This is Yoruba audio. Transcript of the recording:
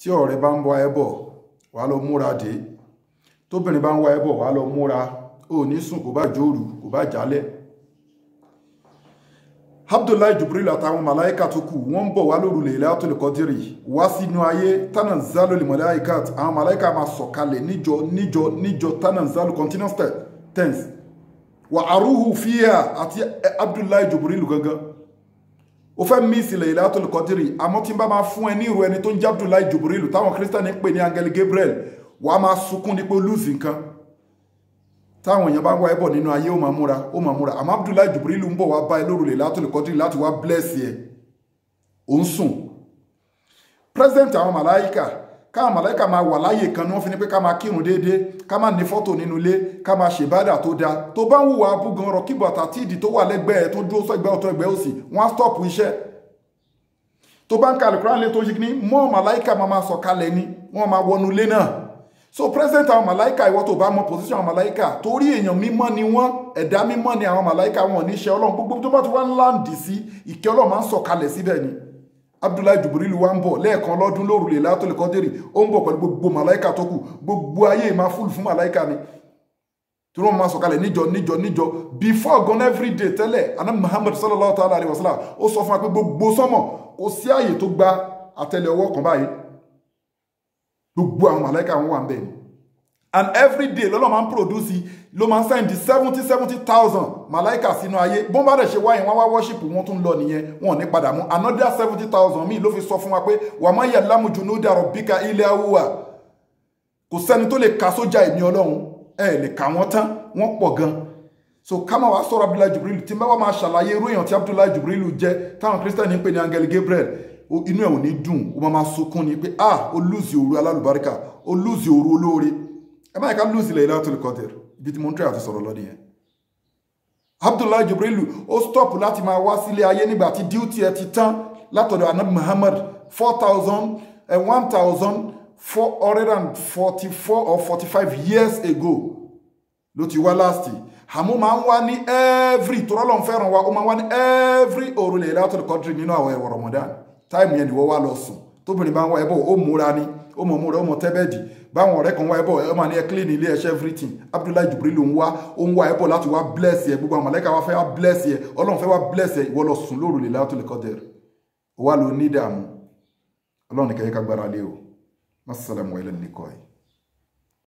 tí ọ̀rẹ́ bá ń wá ẹ bọ̀ wàá lọ múra dé tóbìnrin bá ń wá ẹ bọ̀ wàá lọ múra ó ní sùn kò bá jóòrù kò bá jálẹ̀ abdullahi jubril àtàwọn màláìka tó kù wọ́n ń bọ̀ wá lóru Laylatul Qadr wá sínú ayé tánà zalo lè màláìka àwọn màláìka máa sọ̀kalẹ̀ níjọ níjọ níjọ tánà zalo continuous tense wà arúhù fíhà àti abdullahi jubril gangan o fẹ́ mísì Laylatul Qadri àmọ́ tí n bá máa fún ẹ ní irú ẹni tó ń jẹ́ Abdullahi Jubril táwọn kírísítánì pè ní Angel Gabriel wàá máa sunkún ní pé ó lùzì nǹkan táwọn èèyàn bá wá ẹbọ nínú ayé ó máa múra ó máa múra àmọ́ Abdullahi Jubril ń bọ̀ wá bá ẹ lóru Laylatul Qadri láti wá bless ẹ ò sùn president àwọn màláyíkà káwọn màláìka máa wà láyè kan ní wọ́n fi ní pé ká máa kírun déédéé ká máa ní fọ́tò nínú ilé ká máa ṣèbádà tó dáa tó bá ń hùwà abúgan ọ̀rọ̀ kíbo àtàtì ìdí tó wà lẹ́gbẹ̀ẹ́ tó dúró sẹ́gbẹ́ ọ̀tọ̀ ẹgbẹ́ òsì wọ́n á stọ́ọ̀pù iṣẹ́ tó bá ń ka àlùkùránì lé tó yí ní mọ́ màláìka máa máa sọ̀kalẹ̀ ni wọ́n máa wọnú ilé náà so president àwọn màláìka ìwọ tó bá mọ position àwọn màláìka torí èèyàn mímọ́ ni wọ́n ẹ̀dá mímọ́ ni àwọn màláìka wọn ò ní ṣe ọlọ́run gbogbo tó bá ti wá ń láǹdì sí ìkẹ́ ọlọ́run máa ń sọ̀kalẹ̀ síbẹ̀ ni abdullahi jubril wa ń bọ̀ lẹ́ẹ̀kan lọ́dún lóru lè látòlè kọ́dérì ó ń bọ̀ pẹ̀lú gbogbo màláìka tó kù gbogbo ayé máa fúlù fún màláìka ni tí wọ́n máa sọ̀kalẹ̀ níjọ níjọ níjọ before gan every day tẹ́lẹ̀ anam muhammad sallallahu ta'ala alayhi wa sallam ó sọ fún wa pé gbogbo sọ́mọ̀ kò sí ààyè tó gba àtẹ́lẹ̀ ọwọ́ kan báyìí gbogbo àwọn màláìka wọn wà ń bẹ̀ ni and every day lọ́lọ́ máa ń produce ló máa ń send seventy seventy thousand malaika sínú ayé bó bá dẹ̀ ṣe wáyé wọn wá worship wọn tún lọ nìyẹn wọn ò ní padà mú another seventy thousand míì ló fi sọ fún wa pé wà má yẹ lámùjúnú dàrọ bíkà ilé awúwà kò sẹ́ni tó lè ka sójà èmi ọlọ́run ẹ lè kà wọ́n tán wọ́n pọ̀ gan-an so kama wa sọ̀rọ̀ abdullahi jubril tí mẹ́wàá máa ṣàlàyé irú èèyàn tí abdullahi jubril jẹ́ táwọn kristiani ń pè ní angel gabriel inú ẹ̀ ò ní dùn ó máa máa sunkún ni pé ah olùzì òru alálùbáríkà olùzì òru olóore ẹ má ká lùsì lẹ́yìn látòlù kọ́tẹ̀rù ibi tí mo ń sọ̀rọ̀ lọ́nìyẹn Abdullahi Jibrilu ó stop láti máa wá sílé ayé nígbà tí díútì ẹ ti tán látọ̀dọ̀ anabi Muhammad four thousand and eh, one thousand four hundred and forty four or forty five years ago ló ti wá láàsì àmú máa ń wá ní every tọ́lọ́lọ́n fẹ́ràn wa ó máa ń wá ní every òru lẹ́yìn látọ̀lù kọ́tẹ̀rù nínú àwọn ẹ̀wọ̀ Ramadan táìmù yẹn ni wọ́n wá lọ sùn tóbìnrin bá ń wá ẹbọ ó múra ni ó mọ̀ múra ó mọ̀ tẹ́bẹ̀dì báwọn ọ̀rẹ́ kan wá ẹbọ ẹ máa ní ẹ clean ilé ẹṣẹ everything Abdullahi Jibril ló ń wá ó ń wá ẹbọ láti wá bless ẹ gbogbo àwọn mọ̀lẹ́ka wá fẹ́ wá bless ẹ ọlọ́run fẹ́ wá bless ẹ ìwọ lọ sùn lóru lè láàtò lè kọ́dẹ̀ rẹ̀ ó wá lọ ní ìdààmú ọlọ́run nìkan yẹ ká gbára lé o má sàlámù ẹ̀ lẹ́nu nìkan yìí.